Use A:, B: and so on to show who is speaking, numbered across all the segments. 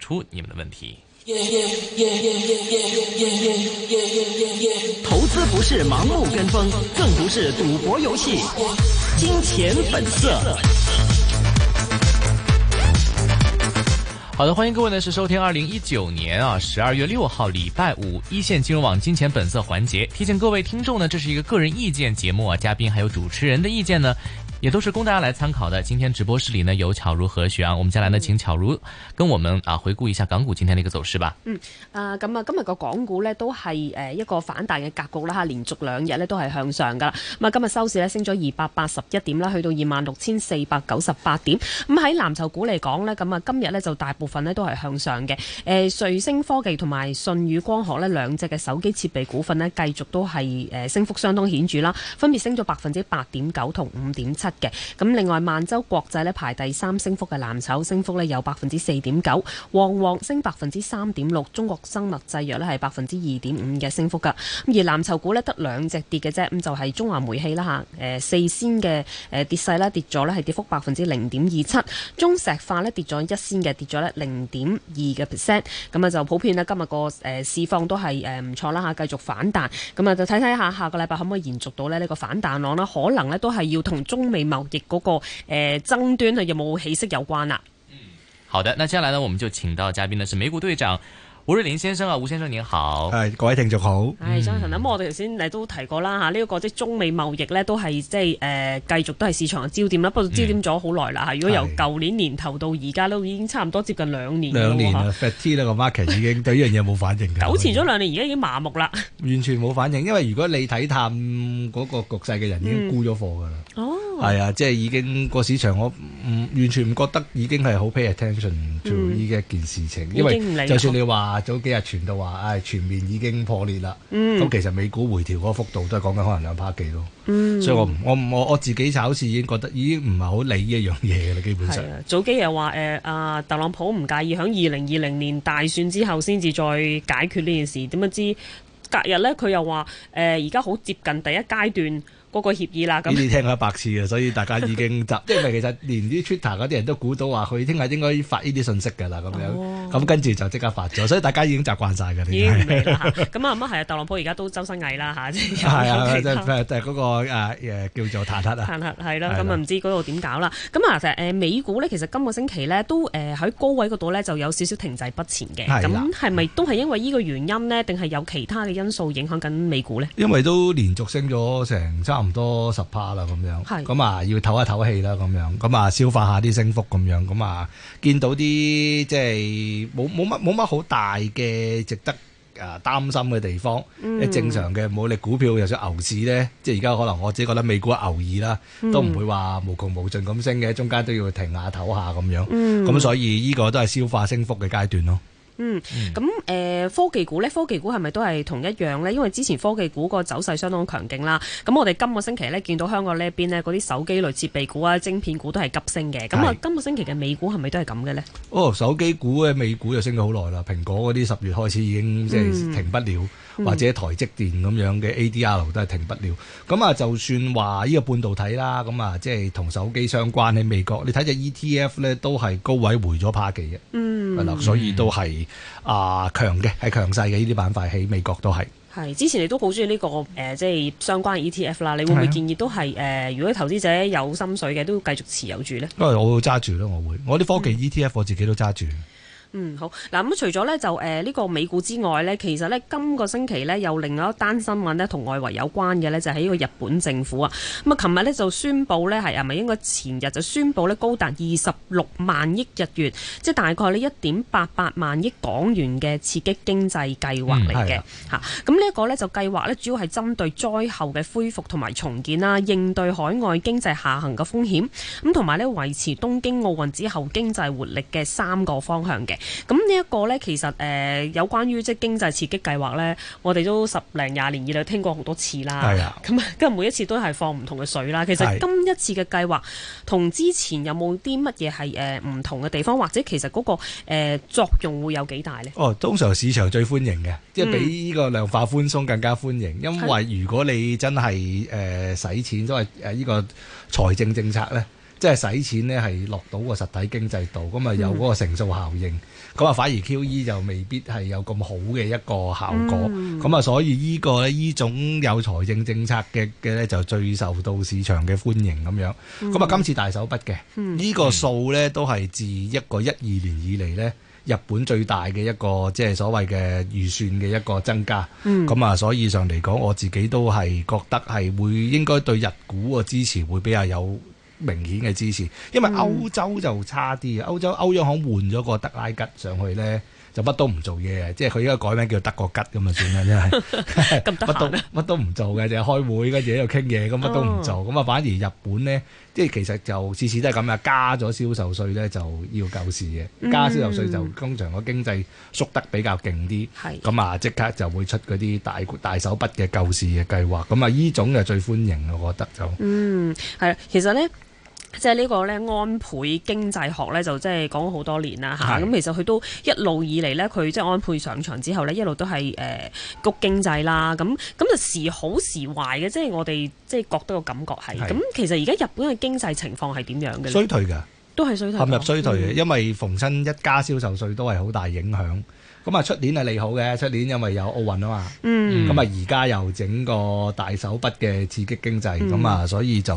A: 出你們的問題。
B: 投資不是盲目跟風，更不是賭博遊戲。金錢本色。
A: 好的，歡迎各位呢，是收聽二零一九年啊十二月六號禮拜五一線金融網金錢本色環節。提醒各位聽眾呢，這是一個個人意見節目啊，嘉賓還有主持人的意見呢。也都是供大家來參考的。今天直播室裏呢有巧如和許洋，啊，我們接下來呢請巧如跟我們啊回顧一下港股今天嘅一個走勢吧。嗯，
B: 啊咁啊今日個港股呢，都係誒一個反彈嘅格局啦，吓、啊，連續兩日呢，都係向上噶。咁、嗯、啊今日收市呢，升咗二百八十一點啦，去到二萬六千四百九十八點。咁、嗯、喺藍籌股嚟講呢，咁、嗯、啊今日呢，就大部分呢都係向上嘅。誒、呃，瑞星科技同埋信宇光學呢兩隻嘅手機設備股份呢，繼續都係誒、呃、升幅相當顯著啦，分別升咗百分之八點九同五點七。嘅咁，另外萬洲國際呢排第三升幅嘅藍籌，升幅呢有百分之四點九，旺旺升百分之三點六，中國生物製藥呢係百分之二點五嘅升幅噶。咁而藍籌股呢得兩隻跌嘅啫，咁就係、是、中華煤氣啦吓，誒、呃、四仙嘅誒跌勢啦，跌咗呢係跌幅百分之零點二七，中石化呢跌咗一仙嘅，跌咗呢零點二嘅 percent。咁啊就普遍呢今日個誒市況都係誒唔錯啦吓，繼續反彈。咁啊就睇睇下下個禮拜可唔可以延續到咧呢個反彈浪啦？可能呢都係要同中美。貿易嗰個誒爭端啊，有冇起色有關啊？嗯，
A: 好的，那接下來呢，我們就請到嘉賓呢，是美股隊長。吳瑞麟先生啊，吳先生你好，係
C: 各位聽眾好。
B: 係早晨，咁我哋頭先你都提過啦吓，呢一個即係中美貿易咧，都係即係誒繼續都係市場嘅焦點啦。不過焦點咗好耐啦吓，如果由舊年年頭到而家都已經差唔多接近兩年。兩年
C: 啦，fat t 啦個 market 已經對呢樣嘢冇反應嘅，保
B: 持咗兩年，而家已經麻木啦。
C: 完全冇反應，因為如果你睇探嗰個局勢嘅人已經沽咗貨噶啦。哦，係啊，即係已經個市場我完全唔覺得已經係好 pay attention to 呢一件事情，因為就算你話。早幾日傳到話，唉、哎，全面已經破裂啦。咁、嗯、其實美股回調嗰幅度都係講緊可能兩 percent 幾咯。嗯、所以我我我我自己炒市已經覺得已經唔係好理呢一樣嘢嘅啦，基本上。
B: 早幾日話誒啊，特朗普唔介意喺二零二零年大選之後先至再解決呢件事，點樣知隔日呢，佢又話誒，而家好接近第一階段。個個協議啦，咁呢啲聽
C: 過一百次嘅，所以大家已經習， 因為其實連啲 Twitter 嗰啲人都估到話，佢聽日應該發呢啲信息嘅啦，咁樣，咁、哦哦、跟住就即刻發咗，所以大家已經習慣晒嘅呢啦，
B: 咁啊乜係啊？特朗普而家都周身蟻啦嚇，係啊，即係
C: 嗰個誒叫做彈劾啊，彈劾
B: 係啦，咁啊唔知嗰度點搞啦？咁啊誒美股咧，其實今個、呃、星期咧都誒喺高位嗰度咧就有少少停滯不前嘅，咁係咪都係因為呢個原因呢？定係有其他嘅因素影響緊美股咧？因
C: 為都連續升咗成差唔多十趴啦，咁樣，咁啊是的 要唞一唞氣啦，咁樣，咁啊消化下啲升幅，咁樣，咁啊見到啲即係冇冇乜冇乜好大嘅值得啊擔心嘅地方，嗯、正常嘅冇力股票尤其牛市咧，即係而家可能我自己覺得美股牛二啦，嗯、都唔會話無窮無盡咁升嘅，中間都要停下唞下咁樣，咁、嗯、所以呢個都係消化升幅嘅階
B: 段咯。嗯，咁誒科技股呢，科技股係咪都係同一樣呢？因為之前科技股個走勢相當強勁啦。咁我哋今個星期呢，見到香港呢一邊呢，嗰啲手機類設備股啊、晶片股都係急升嘅。咁啊是，今個星期嘅美股係咪都係咁嘅呢？
C: 哦，手機股嘅美股就升咗好耐啦，蘋果嗰啲十月開始已經即係停不了。嗯或者台積電咁樣嘅 ADR 都係停不了。咁啊，就算話呢個半導體啦，咁啊，即係同手機相關喺美國，你睇隻 ETF 咧都係高位回咗趴嘅。
B: 嗯，係啦，所以
C: 都係啊、呃、強嘅，係強勢嘅呢啲板塊喺美國都係。
B: 係之前你都好中意呢個誒、呃，即係相關 ETF 啦。你會唔會建議都係誒是、啊呃？如果投資者有心水嘅，都繼續持有住呢？
C: 不過我會揸住咯，我會，我啲科技 ETF 我自己都揸住。
B: 嗯，好嗱，咁、嗯、除咗呢就誒呢個美股之外呢，其實呢今、這個星期呢，有另外一單新聞呢，同外圍有關嘅呢，就喺、是、呢個日本政府啊，咁、嗯、啊，琴日呢就宣布呢，係係咪應該前日就宣布呢？高達二十六萬億日元，即係大概呢一點八八萬億港元嘅刺激經濟計劃嚟嘅吓，咁、嗯嗯這個、呢一個呢就計劃呢，主要係針對災後嘅恢復同埋重建啦，應對海外經濟下行嘅風險，咁同埋呢維持東京奧運之後經濟活力嘅三個方向嘅。咁呢一個呢，其實誒、呃、有關於即係經濟刺激計劃呢，我哋都十零廿年以嚟聽過好多次啦。係啊的，咁跟住每一次都係放唔同嘅水啦。其實今一次嘅計劃同之前有冇啲乜嘢係誒唔同嘅地方，或者其實嗰、那個、呃、作用會有幾大呢？
C: 哦，通常市場最歡迎嘅，即、就、係、是、比呢個量化寬鬆更加歡迎，嗯、因為如果你真係誒使錢，因為誒呢個財政政策呢。即係使錢呢係落到個實體經濟度咁啊，嗯、有嗰個乘數效應咁啊，嗯、反而 Q.E. 就未必係有咁好嘅一個效果咁啊。嗯、所以呢、呢個呢呢種有財政政策嘅嘅呢，就最受到市場嘅歡迎咁樣。咁啊、嗯，今次大手筆嘅呢、嗯嗯、個數呢，都係自一個一二年以嚟呢日本最大嘅一個即係、即係、所謂嘅預算嘅一個增加咁啊。嗯、所以上嚟講，嗯、我自己都係覺得係會應該對日股嘅支持會比較有明顯嘅支持，因為歐洲就差啲啊！歐洲歐央行換咗個德拉吉上去咧，就乜都唔做嘢嘅，即係佢而家改名叫德國吉咁啊算啦，真係。 咁得閒啊？乜都唔做嘅，就係開會跟住喺度傾嘢，咁乜都唔做。咁啊、哦，反而日本咧，即係其實就次次都係咁啊，加咗銷售稅咧就要救市嘅，加銷售稅就通常個經濟縮得比較勁啲。係、嗯。咁啊，即刻就會出嗰啲大大手筆嘅救市嘅計劃。咁啊，呢種就最歡迎，我覺得就。
B: 嗯，係啦，其實咧。即係呢個咧，安倍經濟學咧就即係講咗好多年啦嚇，咁的其實佢都一路以嚟咧，佢即係安倍上場之後咧，一路都係誒谷經濟啦，咁咁就時好時壞嘅，即係我哋即係覺得個感覺係。咁的其實而家日本嘅經濟情況係點樣嘅？衰退㗎，都係衰退，陷入衰退嘅，
C: 因為逢親一家銷售稅都係好大影響。咁啊，出年係利好嘅，出年因為有奧運啊嘛，咁啊而家又整個大手筆嘅刺激經濟，咁啊、嗯、所以就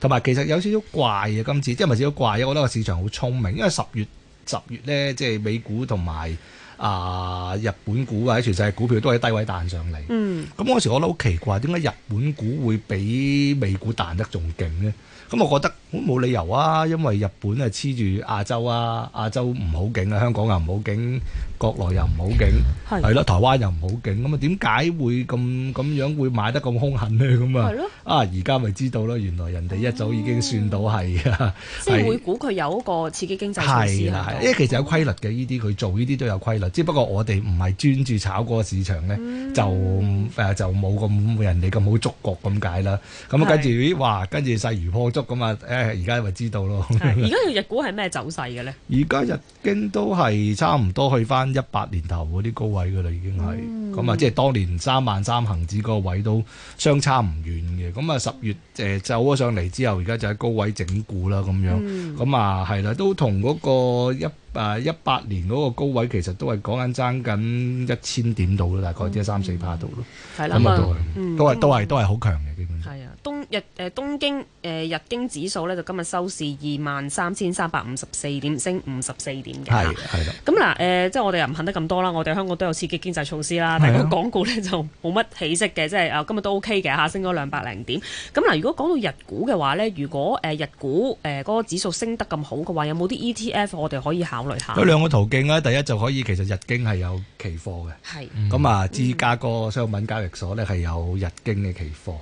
C: 同埋其實有少少怪啊今次，即係咪少少怪啊？我覺得個市場好聰明，因為十月十月咧，即係美股同埋。啊！日本股啊，喺全世界股票都喺低位彈上
A: 嚟。嗯。
C: 咁嗰時我覺得好奇怪，點解日本股會比美股彈得仲勁呢？咁我覺得好冇理由啊，因為日本啊黐住亞洲啊，亞洲唔好景啊，香港又唔好景，國內又唔好景，係咯的，台灣又唔好景。咁啊，點解會咁咁樣會買得咁兇狠呢？咁的啊，啊而家咪知道啦，原來人哋一早已經算到係啊，即係會
B: 估佢有一個刺激經濟措施喺度。係啦，因為其實有
C: 規律嘅呢啲，佢做呢啲都有規律。只不過我哋唔係專注炒嗰個市場咧、嗯，就誒就冇咁人哋咁好觸覺咁解啦。咁啊，跟住咦話，跟住勢如破竹咁啊！誒，而家咪知道咯。而
B: 家個日股係咩走勢嘅咧？
C: 而家日經都係差唔多去翻一百年頭嗰啲高位噶啦，已經係咁啊！嗯、即係當年三萬三恆指嗰個位都相差唔遠嘅。咁啊，十月誒走咗上嚟之後，而家就喺高位整固啦咁樣。咁啊、嗯，係啦、嗯嗯，都同嗰、嗰個一。誒一八年嗰個高位其實都係講緊爭緊一千點度啦，嗯、大概係三四 percent 度咯，
B: 係啦，咁、嗯嗯、啊都係都係都係都
C: 係好強嘅基本
B: 上。東日誒、呃、東京誒、呃、日經指數咧，就今日收市二萬三千三百五十四點，升五十四點嘅嚇。係啦。咁嗱誒，即係我哋又唔肯得咁多啦。我哋香港都有刺激經濟措施啦。但係個港股咧就冇乜起色嘅，即係啊，今日都 OK 嘅嚇，升咗兩百零點。咁嗱、呃，如果講到日股嘅話咧，如果誒、呃、日股誒嗰、呃那個指數升得咁好嘅話，有冇啲 ETF 我哋可以考慮下？有兩個
C: 途徑啦，第一就可以其實日經係有期貨嘅。係是。咁啊、嗯，芝加哥商品交易所咧係有日經嘅期貨。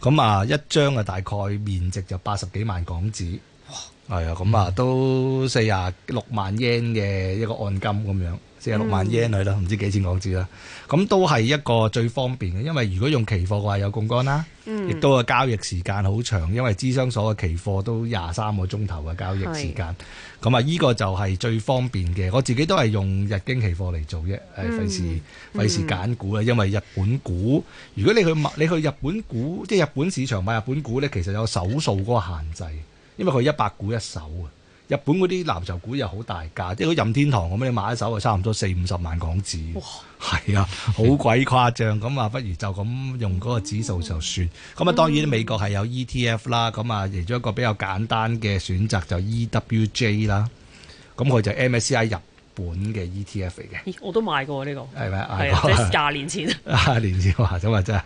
C: 咁啊，一張啊，大概面值就八十幾萬港紙，係哇啊，咁啊，都四廿六萬 yen 嘅一個按金咁樣。四十六萬 yen 佢咯，唔知幾錢港紙啦。咁都係一個最方便嘅，因為如果用期貨嘅話有槓桿啦，亦、嗯、都有交易時間好長，因為資商所嘅期貨都廿三個鐘頭嘅交易時間。咁啊是，呢個就係最方便嘅。我自己都係用日經期貨嚟做啫，誒費事費事揀股啊，因為日本股如果你去你去日本股，即係日本市場買日本股呢，其實有手數嗰個限制，因為佢一百股一手啊。日本嗰啲藍籌股又好大價，即係如任天堂咁，你買一手啊，差唔多四五十萬港紙，係啊哇，好鬼誇張咁啊！ 不如就咁用嗰個指數就算，咁啊、嗯、當然美國係有 ETF 啦，咁啊其中一個比較簡單嘅選擇就 EWJ 啦，咁佢就 MSCI 入。本嘅 ETF 嚟嘅，
B: 我都買過呢個，係咪？係即
C: 廿年前，廿年前話，咁話真係，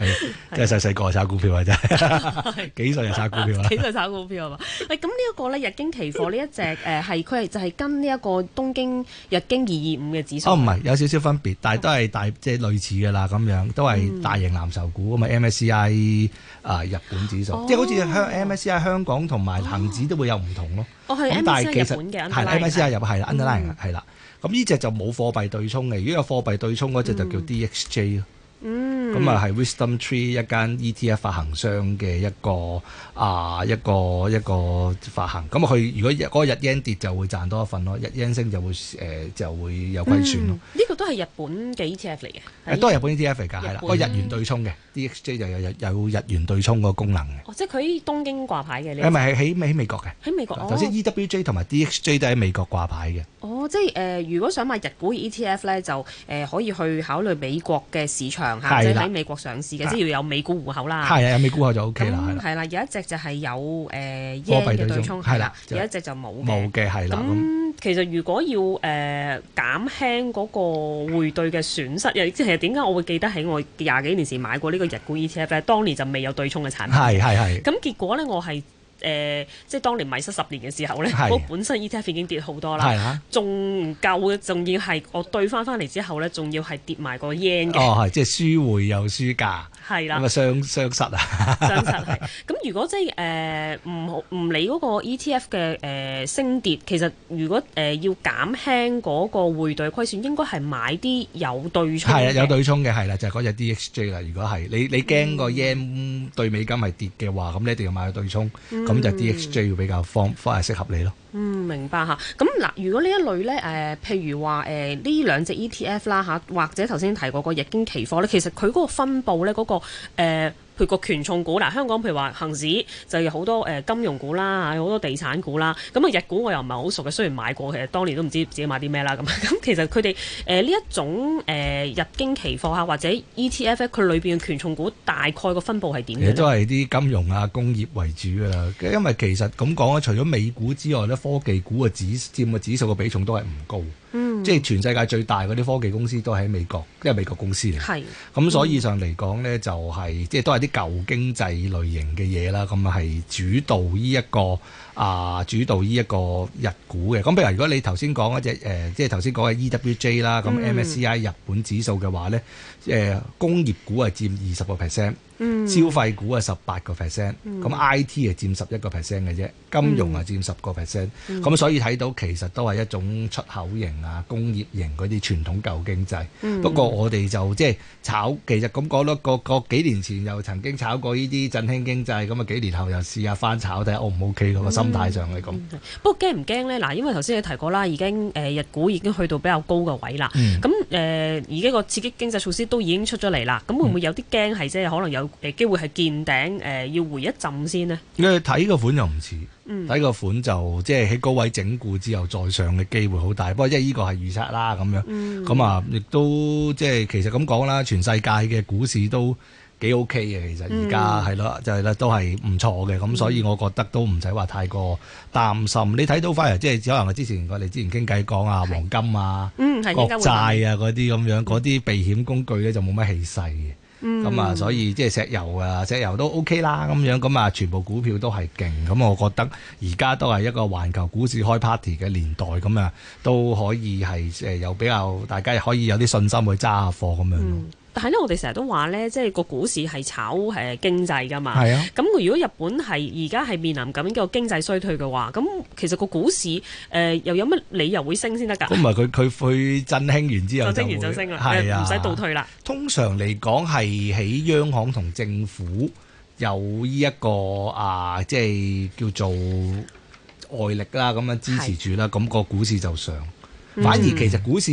C: 真係細細個炒股票啊！真係幾歲就炒股票啦？幾歲
B: 炒股票啊？喂，咁呢一個咧日經期貨呢一隻誒係佢係就係跟呢一個東京日經二二五嘅指數，哦唔係
C: 有少少分別，但係都係大即係類似嘅啦，咁樣都係大型藍籌股啊嘛 MSCI 啊日本指數，即係好似 MSCI 香港同埋恒指都會有唔同咯。哦，係 MSCI 日本嘅，MSCI 入，係啦 underlying 係啦。咁呢隻就冇貨幣對沖嘅，如果有貨幣對沖嗰隻就叫 DXJ 咯。嗯。嗯，咁啊係 Wisdom Tree 一間 ETF 發行商嘅一個啊一個一個發行，咁啊佢如果嗰日 yen、那個、跌就會賺多一份咯，日 yen 升就會誒、呃、就會有虧損咯。
B: 呢、嗯這個都係日本嘅 ETF 嚟嘅，都係、啊、日本
C: ETF 嚟㗎，係啦個日元對沖嘅 DXJ 就有有日元對沖個功能嘅、
B: 哦。即係佢喺東京掛牌嘅呢？誒係咪
C: 喺美喺美國嘅
B: 喺美國。首、哦、先
C: EWJ 同埋 DXJ 都喺美國掛牌嘅。
B: 哦，即係誒、呃，如果想買日股 ETF 咧，就誒可以去考慮美國嘅市場。即係喺美國上市嘅，即係要有美股戶口啦。係啊，有美股
C: 戶口就 O K 啦。咁係
B: 啦，有一隻就係有誒 yen 嘅對沖，係啦，有一隻就冇嘅。冇嘅，係啦。咁其實如果要誒、呃、減輕嗰個匯兌嘅損失，又即係點解我會記得喺我廿幾年前買過呢個日股 ETF 咧？當年就未有對沖嘅產品。係係係。咁結果咧，我係。誒，即係當年迷失十年嘅時候咧，我本身 ETF 已經跌好多啦，仲唔夠嘅，仲要係我對翻翻嚟之後咧，仲要係跌埋個 yen 嘅。哦，係
C: 即係輸匯又輸價，係啦，咁啊雙雙失啊。雙失係。
B: 咁如果即係誒唔好唔理嗰個 ETF 嘅誒升跌，其實如果誒要減輕嗰個匯兌虧損，應該係買啲有對沖嘅。係啊，有對
C: 沖嘅係啦，就係嗰隻 DXJ 啦。如果係你你驚個 yen 對美金係跌嘅話，咁你一定要買個對沖。咁就 DXJ 要比較方、嗯、方，係適合你咯。
B: 嗯，明白嚇。咁嗱，如果呢一類咧，誒、呃，譬如話誒呢兩隻 ETF 啦嚇，呃、F，或者頭先提過個日經期貨咧，其實佢嗰個分佈咧，嗰、那個、呃、譬如個權重股嗱、呃，香港譬如話恒指就有好多誒、呃、金融股啦，嚇，好多地產股啦。咁、嗯、啊，日股我又唔係好熟嘅，雖然買過，其實當年都唔知自己買啲咩啦咁。咁、嗯、其實佢哋誒呢一種誒、呃、日經期貨嚇或者 ETF 佢裏邊嘅權重股大概個分佈係點樣？都係
C: 啲金融啊工業為主㗎啦，因為其實咁講啊，除咗美股之外咧。科技股嘅指佔嘅指數嘅比重都係唔高。嗯、即係全世界最大嗰啲科技公司都喺美國，因為美國公司嚟。係，咁、嗯、所以上嚟講咧、就係，就係即係都係啲舊經濟類型嘅嘢啦。咁係主導呢、呢、一個啊，主導呢一個日股嘅。咁譬如如果你頭先講一隻即係頭先講嘅 E W J 啦，咁 M S C I 日本指數嘅話咧，誒、嗯呃、工業股係佔二十個 percent，消費股係十八個 percent，咁 I T 係佔十一個 percent 嘅啫，金融係佔十個 percent。咁、嗯嗯、所以睇到其實都係一種出口型。啊！工業型嗰啲傳統舊經濟，嗯、不過我哋就即係炒，其實咁講咯，個個幾年前又曾經炒過呢啲振興經濟，咁啊幾年後又試下翻炒睇下 O 唔 O K 咯，個、嗯、心態上係
B: 咁、嗯嗯。不過驚唔驚呢？嗱，因為頭先你提過啦，已經誒、呃、日股已經去到比較高嘅位啦。咁誒、嗯，而家個刺激經濟措施都已經出咗嚟啦。咁會唔會有啲驚係啫？嗯、可能有誒機會係見頂誒、呃，要回一陣先呢。
C: 你睇個款又唔似。睇個款就即係喺高位整固之後再上嘅機會好大，不過即係呢個係預測啦咁樣。
A: 咁、嗯、
C: 啊，亦都即係其實咁講啦，全世界嘅股市都幾 OK 嘅，其實而家係咯，就係咧都係唔錯嘅。咁所以我覺得都唔使話太過擔心。嗯、你睇到翻嚟，即係可能我之前我哋之前傾偈講啊，黃金啊、嗯、
B: 國債
C: 啊嗰啲咁樣，嗰啲避險工具咧就冇乜氣勢嘅。
B: 咁啊，嗯、所以
C: 即係石油啊，石油都 OK 啦，咁樣咁啊，全部股票都係勁，咁我覺得而家都係一個環球股市開 party 嘅年代。咁啊都可以係誒有比較，大家可以有啲信心去揸下貨咁樣
B: 咯。嗯但係咧，我哋成日都話咧，即係個股市係炒誒經濟㗎嘛。係啊。咁如果日本係而家係面臨咁嘅經濟衰退嘅話，咁其實個股市誒又有乜理由會升先得㗎？咁咪
C: 佢佢去振興完之後就升完就升啦，係，唔使倒退啦。通常嚟講係喺央行同政府有呢一個啊，即係叫做外力啦，咁樣支持住啦，咁個是股市就上。嗯、反而其實股市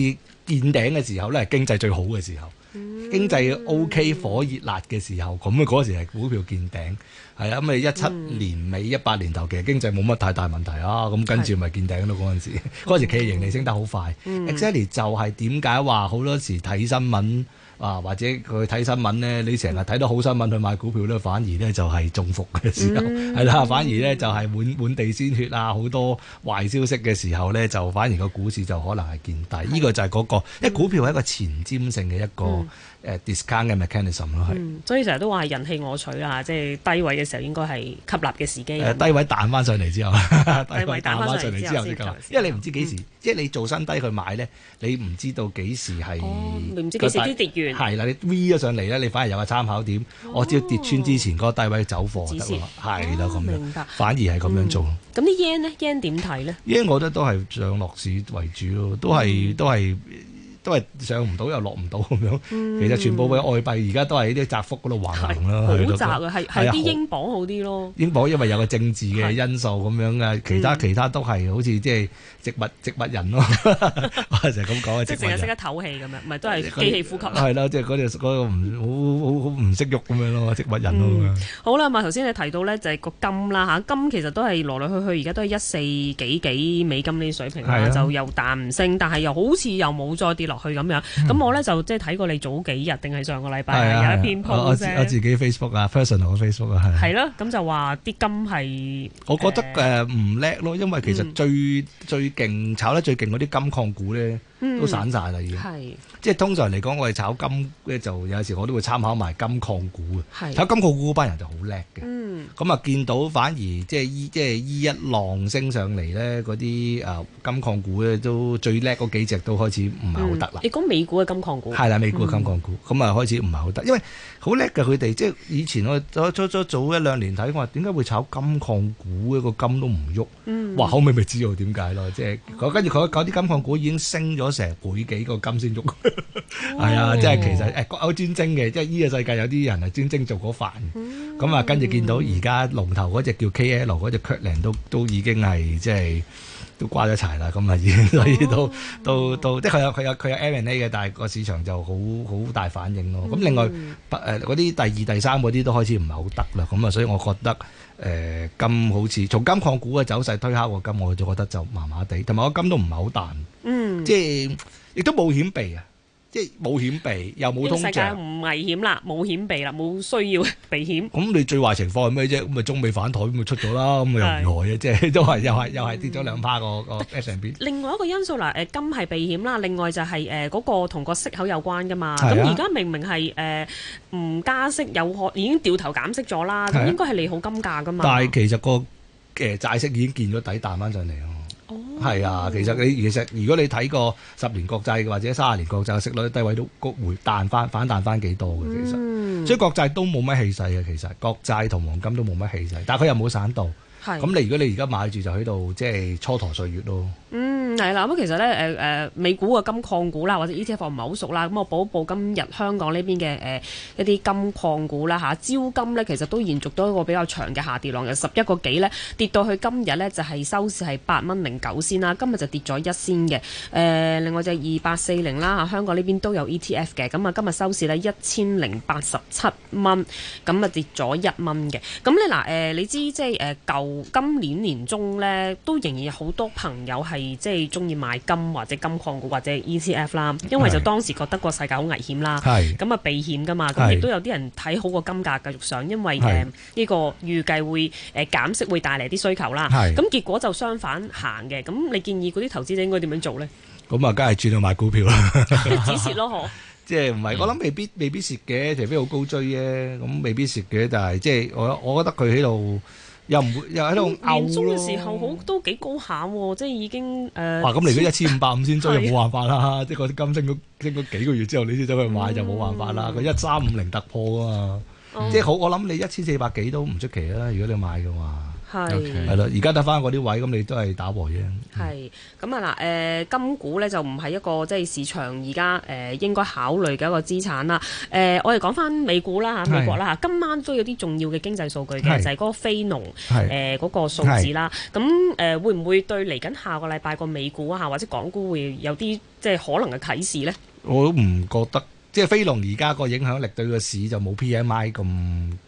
C: 見頂嘅時候咧，經濟最好嘅時候。經濟 O、OK, K 火熱辣嘅時候，咁啊嗰時係股票見頂，係啊。咁啊一七年尾一八年頭，其實經濟冇乜太大問題啊，咁跟住咪見頂咯嗰陣時，嗰的 時企業盈利升得好快，Exactly 就係點解話好多時睇新聞。啊，或者佢睇新聞呢，你成日睇到好新聞去買股票咧，嗯，反而呢就係中伏嘅時候，係啦，反而呢就係滿滿地鮮血啊，好多壞消息嘅時候呢，就反而個股市就可能係見底，呢、嗯、個就係嗰、那個，嗯、因為股票係一個前瞻性嘅一個，嗯誒 discount 嘅 mechanism 咯，係，
B: 所以成日都話係人棄我取啦，即係低位嘅時候應該係吸納嘅時機。誒低
C: 位彈翻上嚟之後，低位彈翻上嚟之後先，因為你唔知幾時，即係你做新低去買咧，你唔知道幾時係，哦，唔知
B: 幾時都跌完，係
C: 啦，你 V 咗上嚟咧，你反而有個參考點，我只要跌穿之前嗰個低位走貨就得，係啦，咁樣，反而係咁樣做。
B: 咁啲 yen 咧，yen 點睇呢？yen
C: 我覺得都係上落市為主咯，都係都係。因為上唔到又落唔到咁樣，其實全部嘅外幣而家都係喺啲窄幅嗰度橫行啦。好窄啊，係係啲英
B: 鎊好啲咯。
C: 英鎊因為有個政治嘅因素咁樣嘅，其他其他都係好似即係植物植物人咯，成日咁講啊植物人。即
B: 係成日識得唞氣咁樣，咪
C: 都係機器呼吸。係啦，即係嗰隻嗰個唔好好好唔識喐咁樣咯，植物人咯。
B: 好啦，咁啊頭先你提到咧就係個金啦吓，金其實都係來來去去而家都係一四幾幾美金呢啲水平啦，就又彈唔升，但係又好似又冇再跌落。去咁樣，咁、嗯、我咧就即係睇過你早幾日定係上個禮拜，有一篇鋪我自
C: 己 Facebook 啊，personal 嘅 Facebook 啊，係。
B: 係咯，咁就話啲金係，我覺得誒
C: 唔叻咯，嗯、因為其實最最勁炒得最勁嗰啲金礦股咧。都散晒啦，已經。係。即係通常嚟講，我哋炒金咧，就有時我都會參考埋金礦股嘅。係。炒金礦股嗰班人就好叻
A: 嘅。嗯。
C: 咁啊，見到反而即係依即係依一浪升上嚟咧，嗰啲啊金礦股咧都最叻嗰幾隻都開始唔係好得
B: 啦。你講美股嘅金礦股。係啦，美股嘅金礦
C: 股，咁啊開始唔係好得，因為好叻嘅佢哋，即係以前我我初初早一兩年睇話，點解會炒金礦股嘅個金都唔喐？嗯。
B: 哇，後尾
C: 咪知道點解咯，即係佢跟住佢搞啲金礦股已經升咗。成日倍幾個金先足，係 啊、嗯哎！即係其實誒各有專精嘅，即係呢個世界有啲人係專精做嗰範，咁啊、嗯嗯、跟住見到而家龍頭嗰隻叫 KL 嗰隻 Kirkland 都都已經係即係都瓜咗柴啦，咁啊已所以都都都即係佢有佢有佢有 M&A 嘅，但係個市場就好好大反應咯。咁、嗯、另外誒嗰啲第二第三嗰啲都開始唔係好得啦，咁啊所以我覺得。誒、呃、金好似從金礦股嘅走勢推敲個金，我就覺得就麻麻地，同埋個金都唔係好彈，嗯，即係亦都冇險避啊。即係冇險避，又冇通脹，世界唔
B: 危險啦，冇險避啦，冇需要避險。咁
C: 你最壞情況係咩啫？咁咪中美反台，咪出咗啦？咁又如何啫，都係又係又係跌咗兩趴個個 S and P。
B: 另外一個因素嗱，誒金係避險啦，另外就係誒嗰個同個息口有關噶嘛。咁而家明明係誒唔加息，有可已經掉頭減息咗啦，應該係利好金價噶嘛。但係
C: 其實個誒債息已經見咗底，彈翻上嚟咯。係啊，其實你其實如果你睇過十年國債或者三十年國債，息率低位都谷回彈翻反彈翻幾多嘅，其實，所以國債都冇乜氣勢嘅，其實，國債同黃金都冇乜氣勢，但係佢又冇散到。咁，你如果你而家買住就喺度即係蹉跎歲月咯。嗯，
B: 係啦咁，其實咧誒誒美股嘅金礦股啦，或者 ETF 我唔係好熟啦。咁我補一補今日香港呢邊嘅誒、呃、一啲金礦股啦嚇。招金咧其實都延續到一個比較長嘅下跌浪，由十一個幾咧跌到去今日咧就係、是、收市係八蚊零九先啦。今日就跌咗一先嘅。誒、呃，另外隻二八四零啦嚇，香港呢邊都有 ETF 嘅。咁啊今日收市咧一千零八十七蚊，咁啊跌咗一蚊嘅。咁你嗱誒、呃，你知即係誒舊今年年中咧，都仍然好多朋友係即係中意買金或者金礦股或者 ECF 啦，因為就當時覺得個世界好危險啦，咁啊避險噶嘛。咁亦都有啲人睇好個金價繼續上，因為誒呢個預計會誒減息會帶嚟啲需求啦。咁結果就相反行嘅。咁你建議嗰啲投資者應該點樣做咧？
C: 咁啊，梗係轉去買股票啦，
B: 即係止蝕咯。嗬，
C: 即係唔係我諗未必未必蝕嘅，除非好高追啫。咁未必蝕嘅，但係即係我我覺得佢喺度。又唔會年又喺度勾咯。年中
B: 嘅時候好都幾高下喎，啊，即係已經誒。哇，呃！咁嚟咗一千五
C: 百五先追，冇是的 辦法啦。即係嗰啲金升咗升咗幾個月之後，你先走去買，嗯，就冇辦法啦。佢一三五零突破啊嘛，嗯，
B: 即係好。我
C: 諗你一千四百幾都唔出奇啦。如果你買嘅話。係係咯，而家得翻嗰啲位，咁你都係打和啫。
B: 係咁啊，嗱，誒、呃、金股咧就唔係一個即係市場而家誒應該考慮嘅一個資產啦。誒、呃，我哋講翻美股啦嚇，是美國啦嚇，今晚都有啲重要嘅經濟數據嘅，是就係嗰個非農誒嗰是、呃嗰個數字啦。咁誒是、呃、會唔會對嚟緊下，下個禮拜個美股啊，或者港股會有啲即係可能嘅啟示咧？
C: 我都唔覺得。即係非農而家個影響力對個市就冇 PMI 咁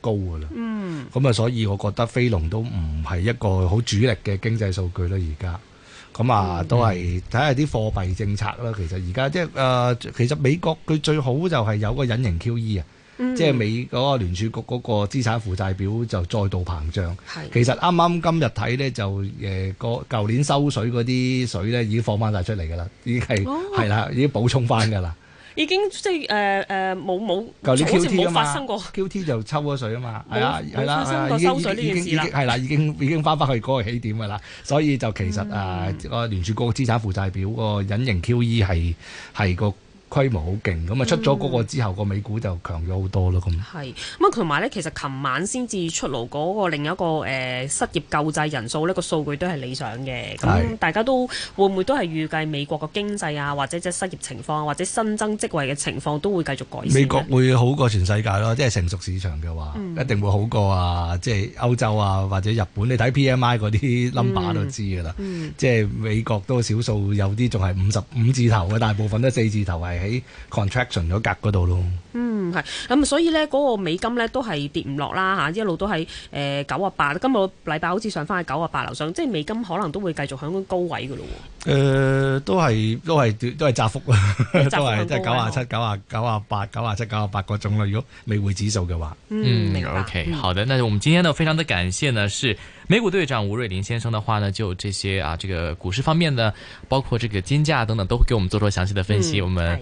C: 高噶啦，咁啊、嗯，所以我覺得非農都唔係一個好主力嘅經濟數據啦。而家咁啊，都係睇下啲貨幣政策啦。其實而家即係誒，其實美國佢最好就係有個隱形 QE 啊、嗯，即係美國嗰個聯儲局嗰個資產負債表就再度膨脹。是的 其實啱啱今日睇咧就誒個舊年收水嗰啲水咧已經放翻晒出嚟噶啦，已經係係啦，已經補充翻噶啦。
B: 已經即係誒誒冇冇舊年冇發生過 q t、啊、q t
C: 就抽咗水啊嘛，係啦係啦，發生過收水呢件事，已經已經係啦，已經已經翻返去嗰個起點噶啦，所以就其實誒、嗯啊那個聯儲局資產負債表個隱形 QE 係係個。規模好勁，咁啊出咗嗰個之後，個、嗯、美股就強咗好多咯，咁。
B: 係，咁啊同埋咧，其實琴晚先至出爐嗰個另一個誒、呃、失業救濟人數呢、個數據都係理想嘅。咁是大家都會唔會都係預計美國個經濟啊，或者即係失業情況、啊，或者新增職位嘅情況都會繼續改善。美國
C: 會好過全世界咯，即係成熟市場嘅
B: 話，嗯、一定
C: 會好過啊！即係歐洲啊，或者日本，你睇 PMI 嗰啲 number 都知㗎啦。嗯嗯、即係美國都少數有啲仲係五十五字頭嘅，大部分都四字頭係。 喺 contraction 嗰格嗰度咯，嗯
B: 係咁所以咧嗰、那個美金咧都係跌唔落啦吓，一路都係誒九啊八，呃、98, 今日禮拜好似上翻去九啊八樓上，即係美金可能都會繼續響高位噶咯。誒、呃，
C: 都係都係都係窄幅啦，都係即係九啊七、
A: 九啊九啊八、九啊七、九啊八嗰種咯。如果美匯指數嘅話，嗯，OK，嗯好的，那我們今天呢，非常的感謝呢，是美股隊長吳瑞麟先生的話呢，就這些啊，這個股市方面呢，包括這個金價等等，都會給我們做出詳細的分析，嗯、是我們。